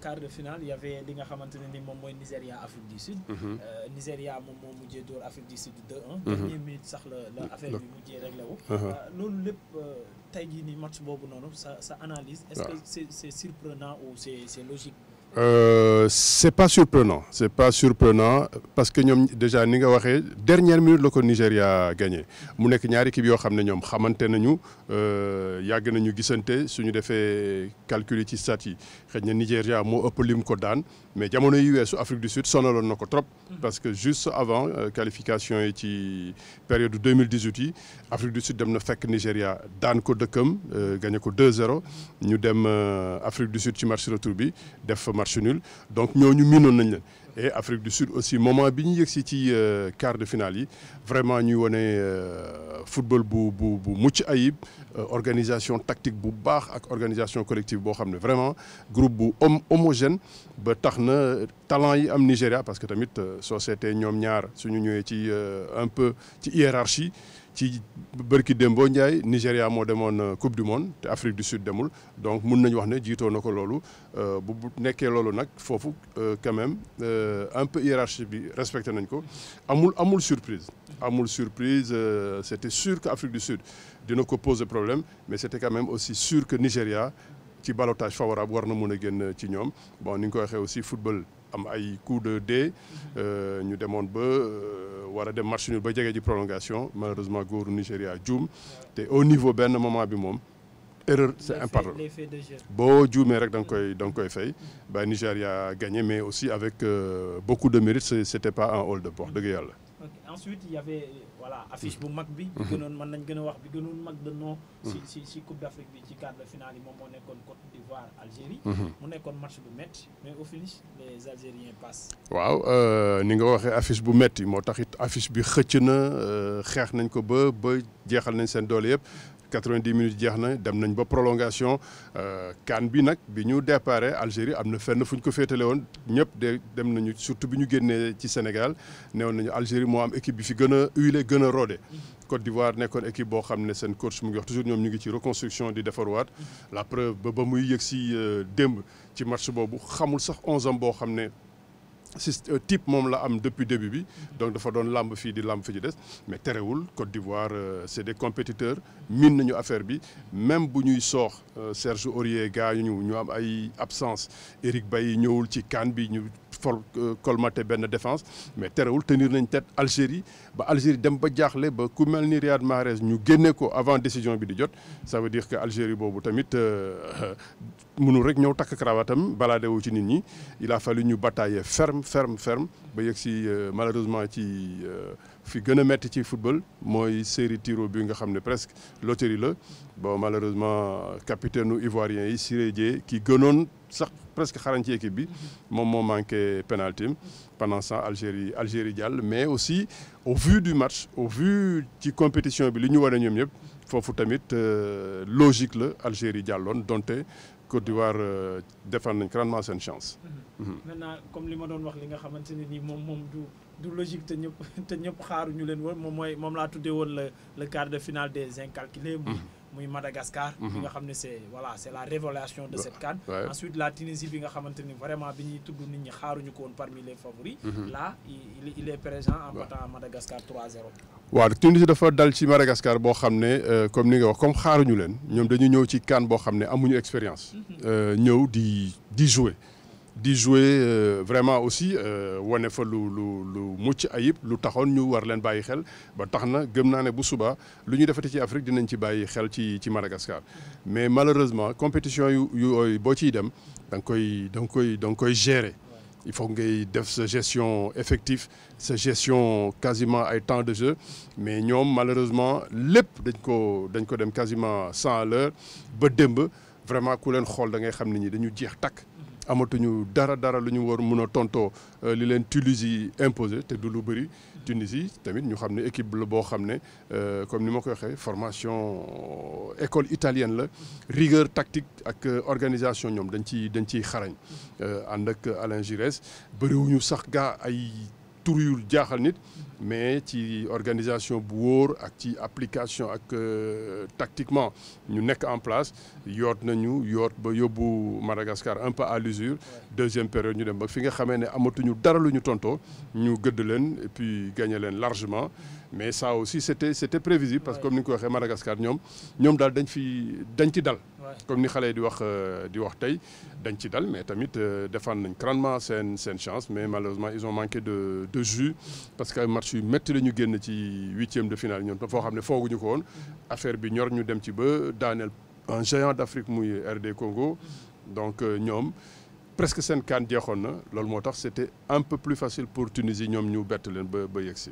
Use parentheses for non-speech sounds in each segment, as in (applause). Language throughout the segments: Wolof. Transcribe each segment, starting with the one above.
quart de finale y avait li nga xamante ne ni moom mooy Nigéria Afrique du Sud. Mhm. Euh, Nigéria moom moo mujjee dóor Afrique du Sud 2-1. Mhm. dernière minute sax la la affaire bi mujjee réglé uh-huh. euh, loolu lép euh, tey jii nii match boobu noonu sa sa analyse. est-ce que c'est surprenant ou c'est logique. Euh, c'est pas surprenant c'est pas surprenant parce que ñoom déjà ni nga waxee dernière minute la ko Nigéria gagné mu nekk ñaari équipe yoo xam ne ñoom xamante nañu euh, yàgg nañu gisante suñu defee calcul yi ci sat yi xëy na Nigéria moo ëpp lim ko daan mais jamono yi weesu Afrique du Sud sonaloon na ko trop. parce que juste avant euh, qualification yi ci période 2018 yi Afrique du Sud dem na fekk Nigéria daan ko dëkkam euh, gagné ko 2-0 ñu dem Afrique du Sud ci marché retour bi match nul donc ñooñu miinoon nañ leen et Afrique du Sud aussi moment bi ñu yëg si ci euh, quart de finale yi vraiment ñuy wane euh, football bu bu bu mucc ayib euh, organisation tactique bu baax ak organisation collective boo xam ne vraiment groupe bu hom homogène ba tax na talent yi am Nigéria parce que tamit société ñoom ñaar suñu ñëwee ci un peu ci hiérarchie ci bërki démboo Ndiaye Nigéria moo demoon euh, coupe du monde te Afrique du Sud demul donc mun nañu wax ne jiitoo na ko loolu euh, bu nekkee loolu nag foofu euh, quand même un peu hiérarchie bi respecté nañ ko amul amul surprise amul surprise c'était sûr que Afrique du Sud dina ko poser problème mais c'était quand même aussi sur que Nigéria ci ballottage favorable war na mun a génn ci ñoom bon nu nga koy waxee aussi football am ay coup de dé euh, ñu demoon ba euh, war dem match nul ba jege ji prolongation malheureusement góoru Nigéria juum te au niveau benn moment bi moom erreur c'est impardonnable boo juumee rek da nga koy da koy fay ba Nigéria gagné mais aussi avec euh, beaucoup de mérite c'était pas un hors-de-portée dëgg yàlla ensuite il y avait euh, voilà affiche bu mag bi. bi mhm. gënoon mën nañ gën a wax bi mag de non. Mhm. si si si coupe d' Afrique bi ci quart de finale yi moom moo nekkoon Côte d'Ivoire Algérie. Mhm. mu nekkoon match bu métti mais au finish les Algériens passent. waaw euh, ni nga waxee affiche bu métti moo tax it affiche bi xëcc na euh, xeex nañ ko ba ba jeexal nañ seen doole yëpp 90 minutes jeex na dem nañ ba prolongation kaan euh, bi nag bi ñu déparé Algérie am na fenn fu ñu ko féetale woon ñëpp de dem nañu surtout bi ñu génnee ci Sénégal neewoon nañu Algérie moo am équipe bi fi gën a huilé gën a rodé. Côte d'Ivoire nekkoon équipe boo xam ne seen coach mu ngi wax toujours ñoom ñu ngi ci reconstruction di defarwaat la preuve ba ba muy yëg si euh, démb ci match boobu xamul sax 11 am boo xam ne. Euh, type moom la am depuis début bi donc dafa doon làmb fii di làmb fi ci des mais terewul Côte d'Ivoire euh, c'est des compétiteurs miin nañu affaire bi même bu ñuy soox euh, Serge Aurier gaañu ñu ñu am ay absence Eric bay ñëwul ci CAN bi ñu Euh, colmaté benn défense mais terewul tenir nañ tête Algérie ba Algérie dem ba jaaxle ba ku mel ni Riyad Mahrez ñu génne ko avant décision bi di jot ça veut dire que Algérie boobu tamit euh, (laughs) mënul rek ñëw takk cravaatam balaade ci nit ñi il a fallu ñu batailler ferme ferme ferme ba yegg si euh, malheureusement ci fi gën a metti ci football mooy série tiro bi nga xam ne presque loterie la boo malheureusement capitaine nu ivoirien yi Siré Dié ki gënoon sax presque xarañ ci équipe bi moom moo manqué penalty pendant ça Algérie Algérie jàll mais aussi au vu du match au vu ci compétition bi li ñu war ñoom ñëpp foofu tamit euh, logique la Algérie jàlloon donte Côte d'Ivoire euh, défendre nañ grandement seen chance. Mhm. Mhm. maintenant comme li ma doon wax li nga xamante ne nii moom moom du du logique te ñëpp (laughs) te ñëpp xaaruñu leen woon moom mooy moom laa tuddee woon le le quart de finale des incalculables. Mhm. muy Madagascar. bi mhm. nga xam ne c'est voilà c'est la révélation de cette CAN. ensuite la Tunisie bi nga xamante ni vraiment bi ñuy tudd nit ñi xaaruñu ko woon parmi les favoris. Mhm. là il il est présent en battant Madagascar 3-0. waaw Tunisie dafa dal ci Madagascar boo xam ne euh, comme ni nga wax comme xaaruñu leen ñoom dañu ñëw ci CAN boo xam ne amuñu expérience. Mhm. Euh, ñëw di di jouer. di jouer euh, vraiment aussi euh, wane fa lu lu lu mucc ayib lu taxoon ñu war leen bàyyi xel ba tax na gëm naa ne bu suba lu ñu defate ci Afrique dinañ ci bàyyi xel ci ci Madagascar mais malheureusement compétition yu yooyu boo ciy dem danga koy da koy da koy gérer il faut ngay def sa gestion effective sa gestion quasiment ay temps de jeu mais ñoom malheureusement lépp dañ ko dañ ko dem quasiment cent à ba démb vraiment ku leen xool da ngay xam ni ñi dañu jeex takk amatuñu dara dara lu ñu war mun a tontoo euh, li leen Tunisie imposé te du lu bëri. Tunisie tamit ñu xam ne équipe la boo xam ne euh, comme ni ma ko waxee formation euh, école italienne la rigueur tactique ak organisation ñoom dañ ciy dañ ciy xarañ ànd ak Alain Giresse bëriwuñu sax gaa ay. tur yu jaaxal nit mais ci organisation bu wóor ak ci application ak euh, tactiquement ñu nekk en place yoot nañu yoot ba yóbbu Madagascar un peu à l'usure deuxième période ñu dem ba fi nga xamee ne amatuñu dara lu ñu tontoo ñu gëdd leen et puis gagné leen largement mais ça aussi c'était c'était prévisible parce que comme ni nga ko waxee Madagascar ñoom ñoom daal dañ fi dañ ci dal comme ni xale yi di wax euh, di wax tey dañ ci dal mais tamit euh, défendre nañ grandement seen seen chance mais malheureusement ils ont manqué de de jus parce que ay match yu métti la ñu génn ci huitième de finale ñoom foo xam ne fooguñu ko woon affaire bi ñor ñu dem ci ba daaneel un géant d'Afrique muy RD Congo donc euh, ñoom presque seen kaan jeexoon na loolu moo tax c'était un peu plus facile pour Tunisie ñoom ñu bett leen ba ba yegg si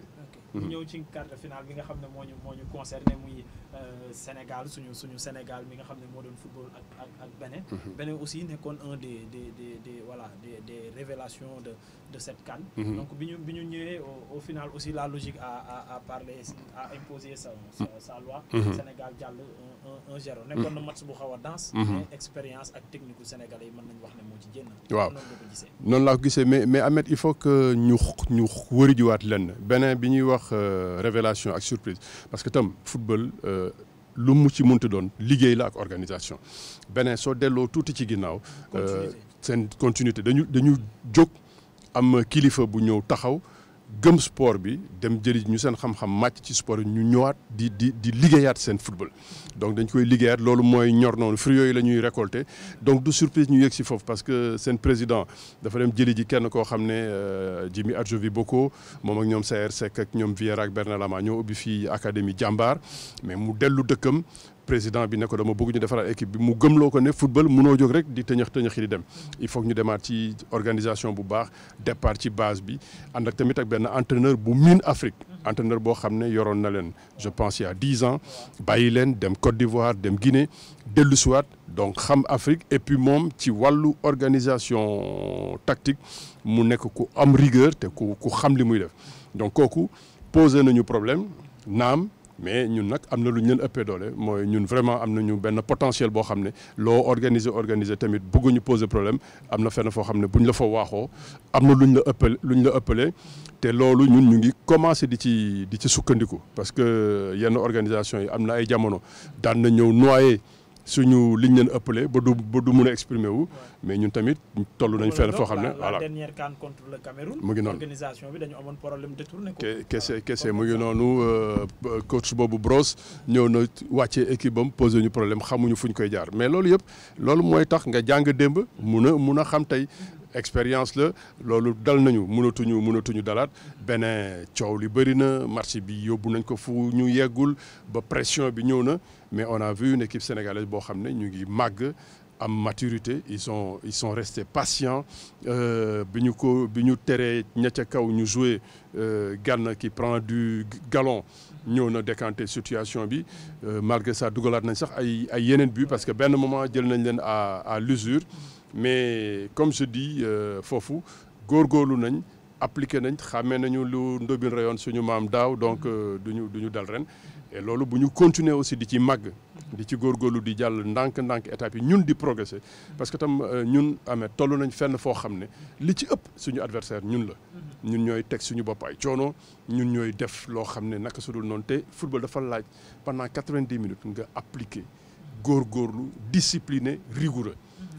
ñu ñëw ci quart de finale bi nga xam ne moo ñu moo ñu concerné muy euh, Sénégal suñu suñu Sénégal mi nga xam ne moo doon football ak ak ak Bénin. Bénin aussi nekkoon un des des des des voilà des des révélations de de cette CAN. donc bi ñu bi ñu ñëwee au final aussi la logique a a a parlé a imposé sa sa loi. Sénégal jàll. un zéro nekkoon na match bu xaw a danse mhm. mais expérience ak technique sénégalais yi mën nañu wax ne moo ci waaw noonu laa ko gisee mais mais Ahmed il faut que ñu ñu wëri jiwaat lenn beneen bi ñuy wax euh, révélation ak surprise parce que tam football euh, lu mu ci munti doon liggéey la ak organisation beneen soo delloo tuuti ci ginnaaw euh, seen continuité dañu dañu jóg am kilifa bu ñëw taxaw gëm sport bi dem jëli ñu seen xam-xam màcc ci sport bi ñu ñëwaat di di di liggéeyaat seen football donc dañ koy liggéeyaat loolu mooy ñor noonu fruits yooyu la ñuy récolter donc du surprise ñu yëg si foofu parce que seen président dafa dem jëli ji kenn koo xam ne euh, Jimmy Adjovi Boko moom ak ñoom Saër Seck ak ñoom Viera ak Bernard Lama ñoo ubbi fii académie jàmbaar mais mu dellu dëkkam. président bi nekk ko dama bëgg ñu defaraat équipe bi mu gëmloo ko ne football munoo jóg rek di tëñëx tëñëxi di dem il faut ñu demaat ci organisation bu baax depart ci base bi ànd ak tamit ak benn entraîneur bu miin Afrique entraîneur boo xam ne yoroon na leen je pense il y a ans bàyyi leen dem Côte d'Ivoire dem Guinée dellu donc xam Afrique et puis moom ci wàllu organisation tactique mu nekk ku am rigueur te ku ku xam li muy def donc kooku posé nañu problème naam mais ñun nag am na lu ñu leen ëppee doole mooy ñun vraiment am nañu benn potentiel boo xam ne loo organiser organiser tamit bëgguñu poser problème am na fenn foo xam ne bu ñu la fa waaxoo am na lu ñu la ëppale lu ñu la ëppale te loolu ñun ñu ngi commencé di ci di ci sukkandiku parce que yenn organisation yi am na ay jamono daan na ñëw noyé suñu liñ leen ëppale ba du ba du mun a exprimer wu mais ñun tamit toll nañ fenn foo xam ne voilà dernière CAN mu ngi noonu organisation bi dañu amoon problème détourné ko kese kese mu ngi noonu euh, coach boobu Brosse ñëw na wàccee équipe am posé ñu problème xamuñu fu ñu koy jaar mais loolu yëpp loolu mooy tax nga jàng démb mun a mun a xam tey expérience la loolu dal nañu mënatuñu mënatuñu dalaat beneen coow li bëri na marché bi yóbbu nañ ko fu ñu yeggul ba pression bi ñëw na mais on a vu une équipe sénégalaise boo xam ne ñu ngi màgg am maturité ils sont ils sont restés patients euh, bi ñu ko bi ñu teree ña ca kaw ñu jouer euh, Gana qui prend du galon ñëw na décanté situation bi euh, malgré ça dugalaat nañ sax ay ay yeneen but parce que benn moment jël nañ leen à à l'usure mais comme je dis foofu góor góorlu nañ appliqué nañ xàmmee nañu lu ndóbin rayoon suñu maam daaw donc duñu duñu dal ren loolu bu ñu continuer aussi di ci màgg di ci góorgóorlu di jàll ndànk-ndànk étape yi ñun di progresser parce que tam euh, ñun amee toll nañ fenn foo xam ne li ci ëpp suñu adversaire ñun la ñun ñooy teg suñu bopp ay coono ñun ñooy def loo xam ne naka su dul noonu te football dafa laaj pendant quatre-vingt-dix minutes nga appliquer góorgóorlu discipliné rigoureux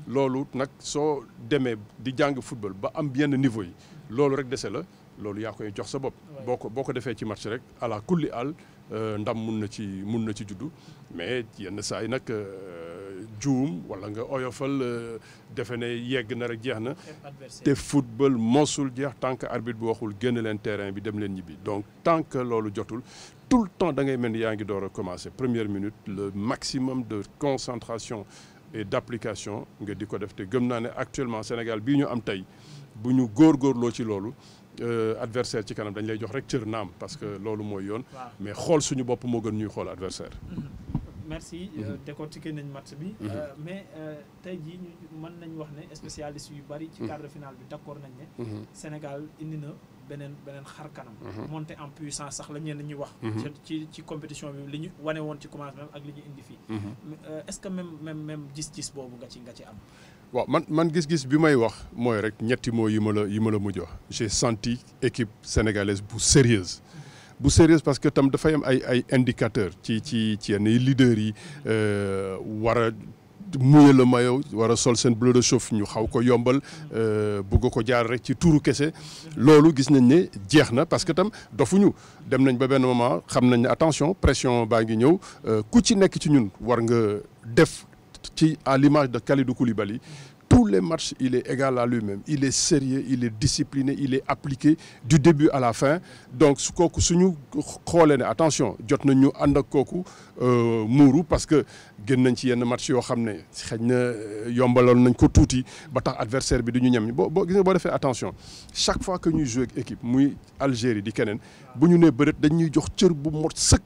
loolu nag soo demee di jàng football ba am yenn niveau yi loolu rek dese la loolu yaa koy jox sa bopp boo ko boo ko defee ci match rek ala kulli àll Euh, ndam mun na ci mun na ci juddu mais yenn saa yi nag euh, juum wala nga oyofal euh, defe ne yegg na rek jeex na te football mosul jeex tant que arbitre bu waxul génn leen terrain bi dem leen ñibbi donc tant que loolu jotul tout le temps da ngay mel ni yaa ngi door a commencer première minute le maximum de concentration et d'application nga di ko def te gëm naa ne actuellement Sénégal bii ñu am tey bu ñu góor góorloo ci loolu Euh, adversaire ci kanam dañ lay jox rek cër naam parce que loolu mooy yoon. mais xool suñu bopp moo gën ñuy xool adversaire mm-hmm. merci euh, mm-hmm. décortiqué nañ match bi. Mm-hmm. Euh, mais tey jii ñu mën nañ wax ne spécialiste yu bari. ci cadre final bi d'accord nañ ne. Sénégal indi na beneen beneen xar kanam. monté en puissance sax la ñenn ñi wax. ci ci compétition bi li ñu wane woon ci commencement ak li ñu indi fii. est-ce que même même même gis-gis boobu nga ci nga ci am. waaw man man gis-gis bi may wax mooy rek ñetti mots yi ma la yi ma la mujj wax j'ai senti équipe sénégalaise bu sérieuse bu sérieuse parce que tam dafay am ay ay indicateurs ci ci ci yenn leaders yi euh, war a mouiller le maillot war a sol seen bleu de chauffe ñu xaw ko yombal euh, bugg ko jaar rek ci tuuru kese loolu gis nañ ne jeex na parce que tam dofuñu dem nañ ba benn moment xam nañ ne attention pression baa ngi ñëw euh, ku ci nekk ci ñun war nga def. ci à l'image de Kalidou Koulibaly tous les matchs il est égal à lui-même il est sérieux il est discipliné il est appliqué du début à la fin donc su kooku suñu xoolee ne attention jot nañu ànd ak kooku euh, muuru parce que gën nañ ci yenn match yoo xam ne xëy na euh, yombaloon nañ ko tuuti ba tax adversaire bi du ñu ñem boo boo gis nga boo defee attention chaque fois que ñuy jouer ak muy Algérie di keneen bu ñu nee bërët dañ ñuy jox cër bu mot sëkk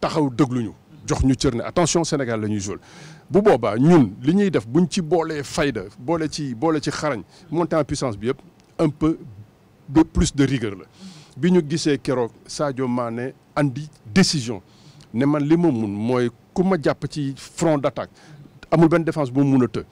taxaw dégluñu jox ñu cër ne attention Sénégal la ñuy joué bu boobaa ñun li ñuy def buñ ci boolee fayda boole ci boole ci xarañ monter en puissance bi yëpp un peu de plus de rigueur la bi ñu gisee keroog Sadio Mané andi décision ne man li ma mun mooy ku ma jàpp ci front d'attaque amul benn défense bu mu mun a të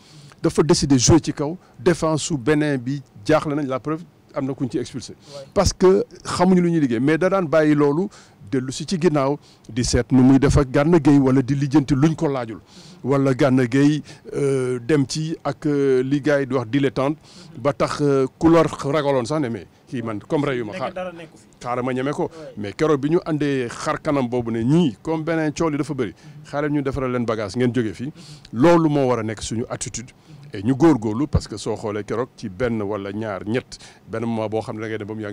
dafa décider jouer ci kaw défense su beneen bi jaaxle nañ la preuve am na kuñ ci expulsé parce que xamuñu lu ñuy liggéey mais da daan bàyyi loolu dellu si ci ginnaaw di seet nu muy def ak Gana Gueye wala di lijjanti luñ ko laajul wala Gana Gueye euh, dem ci ak euh, li gars yi di wax dilettante ba tax couleur ragaloon sax ne mais kii man comme reyu ma xaar xaaral ma ñeme ko mais keroog bi ñu àndee xar kanam boobu ne ñii comme beneen cool yi dafa bëri xaaral ñu defaral leen bagage ngeen jóge fi loolu moo war a nekk suñu attitude et ñu góorgóorlu parce que soo xoolee keroog ci benn wala ñaar ñett benn moment boo xam ne da ngay dem ba mu yaa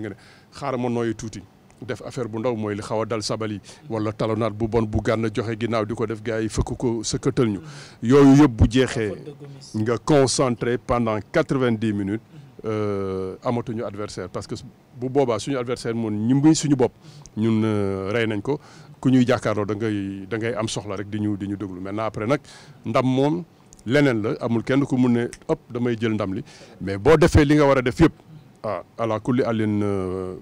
ngi tuuti def affaire bu ndaw mooy li xaw a dal sabali wala talonaat bu bon bu gànn joxe ginnaaw di ko def gars yi fëkk ko sëkkatal ñu yooyu yëpp bu jeexee nga concentré pendant quatre-vingt-dix minutes euh, amatuñu adversaire parce que bu boobaa suñu adversaire moom ñi muy suñu bopp ñun euh, rey nañ ko ku ñuy jàkkaarloo da ngay da am soxla rek di ñu di ñu déglu maintenant après nag ndam moom leneen la amul kenn ku mun ne ëpp damay jël ndam li mais boo defee li nga war a def yëpp ah ala kulli àllin euh,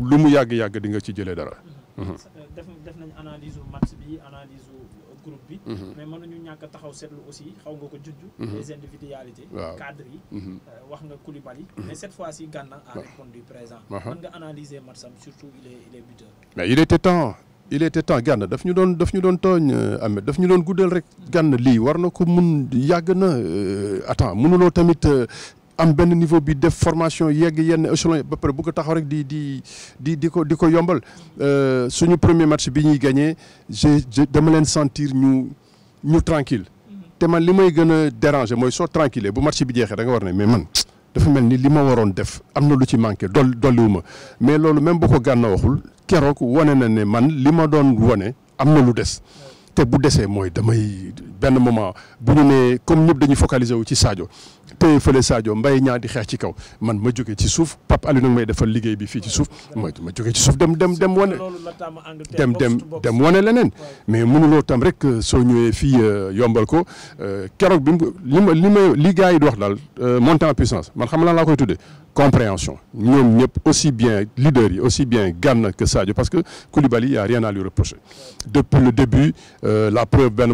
lu mu yàgg-yàgg di nga ci jëlee dara. Mm-hmm. Mm-hmm. Euh, def def nañ analyse match bi analyse euh, groupe bi. Mm-hmm. mais mënuñu ñàkk taxaw seetlu aussi xaw nga ko jujj. les individualités. waaw yi. wax nga Koulibaly. mais cette fois ci Gana a répondu présent. mën nga analyser match am surtout il est il est il était temps temps Gana daf ñu doon daf ñu doon tooñ Ahmed daf ñu doon guddal rek Gana lii war na ko mun yàgg na attends mënuloo tamit. am benn niveau bi def formation yegg yenn échelon ba pare bu ko taxaw rek di di di di ko di ko yombal euh, suñu premier match bi ñuy gagné je dama leen sentir ñu ñu tranquille te man li may gën a déranger mooy soo tranquille bu match bi jeexee da war ne mais man dafa mel ni li ma waroon def am na lu ci manqué dol dolliwuma mais loolu même bu ko gànna waxul keroog wane na ne man li ma doon wane am na lu des te bu desee mooy damay benn moment bu ñu nee comme ñëpp dañuy focaliser wu ci Sadio téye fële Sadio Mbaye ñaar di xeex ci kaw man ma jógee ci suuf Pape Alioune nag may defal liggéey bi fii ci suuf ma ma jógee ci suuf dem dem dem wane. dem dem dem wane leneen. mais mënuloo tam rek euh, soo ñëwee fii euh, yombal ko euh, keroog bi mu ma li ma li gars yi di wax daal montant en puissance man xam lan laa koy tuddee. compréhension ñoom ñëpp aussi bien leader yi aussi bien Gana que Sadio parce que Koulibaly y a rien à lui la preuve benn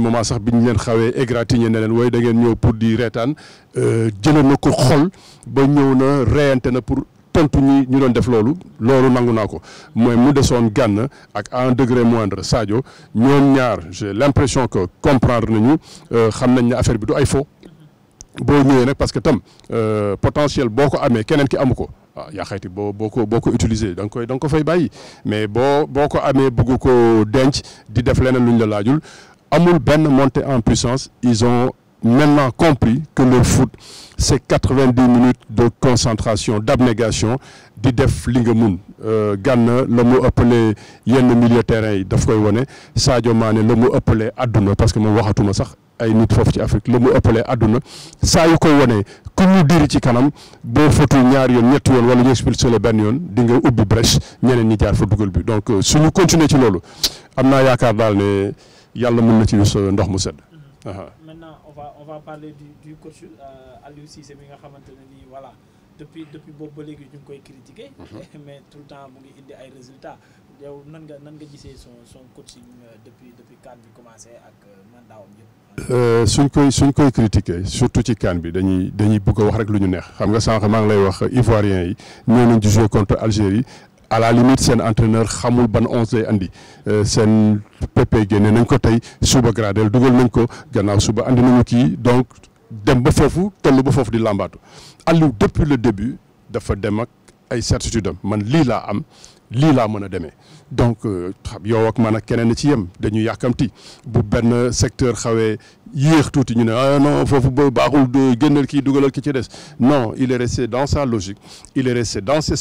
xawee égratigné ne leen wooy da ngeen ñëw pour di reetaan euh, jëlee ko xol ba ñëw na reyante na pour tontu ñu doon def loolu loolu nangu naa ko mooy mu desoon gànn ak un degré moindre Sadio ñoom ñaar j'ai l'impression que comprendre nañu euh, xam nañ ne affaire bi du ay fo boo ñëwee nag parce que tam euh, potentiel boo ko amee keneen ki amu ko waaw ah, yaa xayti boo boo ko boo ko utiliser da nga koy da nga ko fay bàyyi mais boo boo ko amee bëgg ko denc di def leneen luñ la laajul amul benn montée en puissance ils ont maintenant compris que le foot c'est quatre-vingt-dix minutes de concentration d'abnégation di def li nga mun euh, Gana la mu ëppalee yenn milieu terrain yi daf koy wone Sadio maane la mu ëppalee àdduna parce que moom waxatuma sax ay nit foofu ci Afrique la mu ëppalee àdduna saa yu koy wone ku mu diri ci kanam boo fotul ñaar yoon ñetti yoon wala ñu expulsé la benn yoon di nga ubbi brèche ñeneen ñi jaar fa dugal bi donc euh, su continuer ci loolu am yàlla mën na ci wis ndox mu sedd. maintenant on va on va parler du du coach euh, Aliou Cissé mi nga xamante ne nii voilà depuis depuis boobu ba léegi ñu ngi koy critiquer. Mhm. (laughs) mais tout le temps mu ngi indi ay résultats nan nga nan nga gisee son son coaching euh, depuis depuis CAN commencé ak euh, mandaawam yëpp. suñ koy suñ koy critiquer surtout ci CAN bi dañuy dañuy bëgg wax rek lu ñu neex xam nga sànq maa ngi lay wax Ivoiriens yi ñoo nañ ci jouer contre Algérie à la limite seen entraîneur xamul ban onze lay andi euh, seen PP génne nañ ko tey suba gradel dugal nañ ko gannaaw suba andi nañu kii donc dem ba foofu toll ba foofu di làmbaatu Aliou depuis le début dafa dem ak ay certitude am man lii laa am lii laa mën a demee donc euh, yow ak man ak keneen ci yem dañu yàkkamti bu benn secteur xawee yéex tuuti ñu ne ah non foofu ba baaxul génnal kii dugalal ki ci des non il est resté dans sa logique il est resté dans ses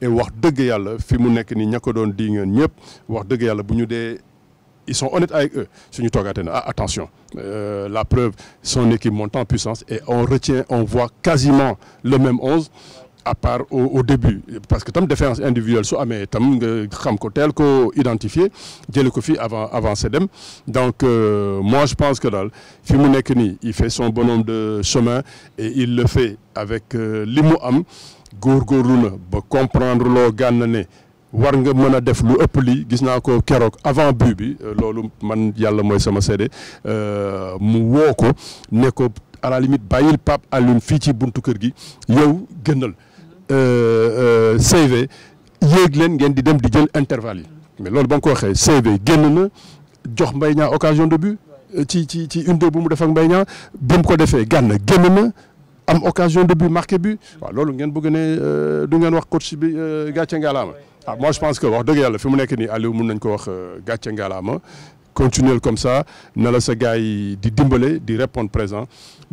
et wax dëgg yàlla fi mu nekk ni ña ko doon di ngeen ñëpp wax dëgg yàlla bu ñu dee ils sont honnêtes avec eux suñu toogaatee na ah attention euh, la preuve son équipe monte en puissance et on retient on voit quasiment le même 11 à part au, au début parce que tam défaillance individuelle su amee tam nga xam ko teel ko identifier jële ko fii avant avant CDEM donc euh, moi je pense que daal fi mu nekk nii il fait son bonhomme de chemin et il le fait avec euh, li mu am góorgóorlu na ba comprendre loo gànn ne war nga mën a def lu ëpp lii gis naa ko keroog avant but bi euh, loolu man yàlla mooy sama seede euh, mu woo ko ne ko à la limite bàyyil Pape Alioune fii ci buntu kër gi yow gënal Euh, euh, CV yéeg leen ngeen di dem di jël intervalle yi mais loolu ba nga ko waxee CV génn na jox mbay ñaa occasion de but euh, ci ci ci une deux bu mu def mbay ñaa Niang bi mu ko defee gànn génn na am occasion de but marqué but waaw loolu ngeen bëgg ne du ngeen wax coach bi gàcce ngalaama ah moi je pense que wax dëgg yàlla fi mu nekk nii Aliou mun nañ ko wax gàcce ngalaama continuel comme ça na sa gars yi di dimbale di répondre présent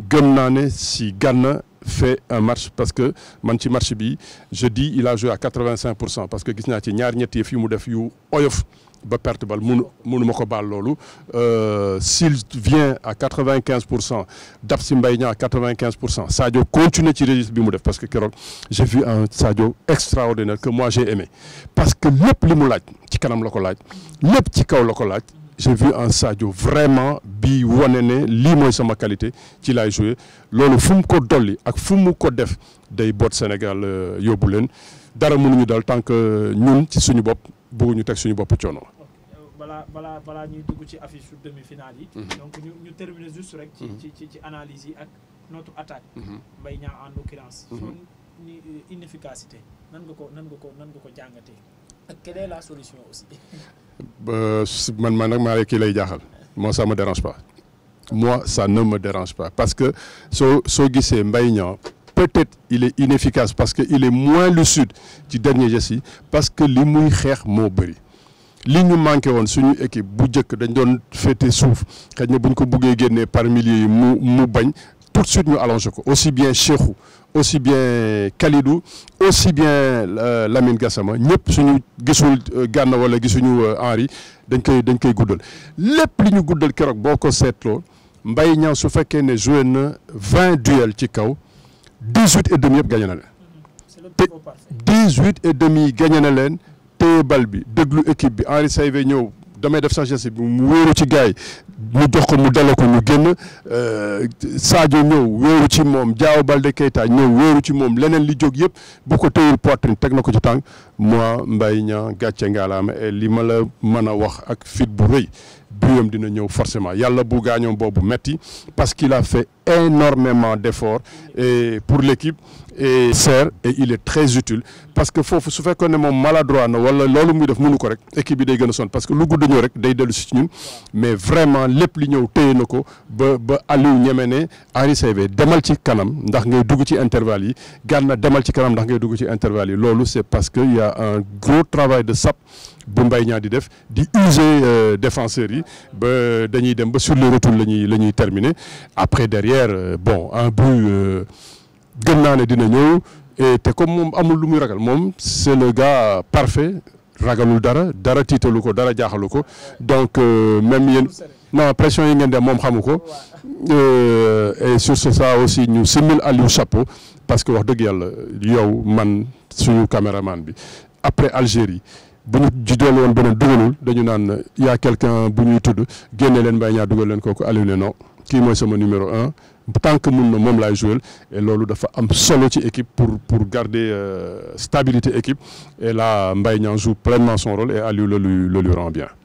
gëm naa ne si gànn fait un match parce que man ci match bi je dis il a à pour cent parce que gis naa ci ñaar ñett yëf mu def yu oyof ba perte bal mënu mënu ma ko baal loolu euh, s'il vient à 95 pour cent Dapsi Mbaye Niang à 95 pour cent Sadio continue ci registre bi mu def parce que keroog j'ai vu un Sadio extraordinaire que moi j'ai aimé parce que lépp li mu laaj ci kanam la ko laaj lépp ci kaw loko laaj j'ai vu un Sadio vraiment bi wane ne lii mooy sama qualité ci laay joué loolu fu mu ko dolli ak fu mu ko def day boot Sénégal euh, yóbbu leen dara mënuñu dal tant que euh, ñun ci suñu bopp bugguñu teg suñu bopp coono. balaa balaa ñuy dugg ci affiche su demi-finale yi. Mhm. donc ñu ñu terminer juste rek. Mhm. ci ci ci analyse yi ak notre attaque. Mhm. Mbaye Niang en l'occurrence. son euh, inefficacité nan nga ko nan nga ko nan nga ko jàngatee. (laughs) quelle la solution aussi. (laughs) man man nag maa lay kii lay jaaxal. mois ça me dérange pas. moi ça ne me parce que soo soo gisee Mbaye Niang peut-être il est inefficace parce que il est moins lucide ci dernier geste yi parce que li muy xeex moo bëri. li ñu manqué woon suñu équipe bu njëkk dañu doon féete suuf xëy na bu ko buggee génnee par milieu yi mu mu bañ tout suite ñu allongé ko aussi bien Cheikhou aussi bien Kalidou aussi bien euh, Lamine Gassama ñëpp su gisul euh, gànna wala gisuñu euh, Henry dañ koy dañ koy guddal lépp li ñu guddal keroog boo ko seetoo mbay Niang su fekkee ne joué na vingt duels ci kaw dix huit et demi yëpp gagné na leen te dix huit et demi gagné na leen téye bal bi déglu équipe bi Henry Saivet ñëw damay def sagesse bi mu wéeru ci gars yi mu jox ko mu delloo ko mu génn euh, Sadio ñëw wéeru ci moom Diao Baldé Keita ñëw wéeru ci moom leneen li jóg yëpp bu ko téyul poitrine teg na ko ci tànk moi mbay Niang gàcce ngaalaama et li ma la mën a wax ak fit bu rëy buyam dina ñëw forcément yàlla bu gaañoom boobu metti parce qu'il a fait énormément d'efforts e pour l'équipe et sert et il est très utile parce que foofu su fekkoon ne moom maladroit na wala loolu muy def mënu ko rek équipe bi day gën a sonn parce que lu gudd ñëw rek day dellu si ci ñun mais vraiment lépp li ñëw téye na ko ba ba Aliou ñeme ne Henri Saivet demal ci kanam ndax ngay dugg ci intervalle yi Gana demal ci kanam ndax ngay dugg ci intervalle yi loolu c'est parce que il y un gros travail de sap bu mbay Niang di def di user euh, défenseurs yi ba dañuy dem ba sur la ñuy la ñuy terminer après derrière euh, bon gëm naa ne dina ñëw et te comme moom amul lu muy ragal moom c'est le gars parfait ragalul dara dara tiitalu ko dara jaaxalu ko donc euh, même yéen non pression yi ngeen dem moom xamu ko euh, et sur ce saa aussi ñu simil Aliou chapeau parce que wax dëgg yàlla yow man suñu caméraman bi après Algérie bu ñu juddoon woon beneen dugalul dañu naan y a quelqu'un bu ñuy tudd génne leen mbay ñaa dugal leen kooku Aliou ne non kii mooy sama numéro un tant que mun na moom laa jouer et loolu dafa am solo ci équipe pour pour garder euh, stabilité équipe et là mbay Niang joue pleinement son rôle et Aliou le lui le bien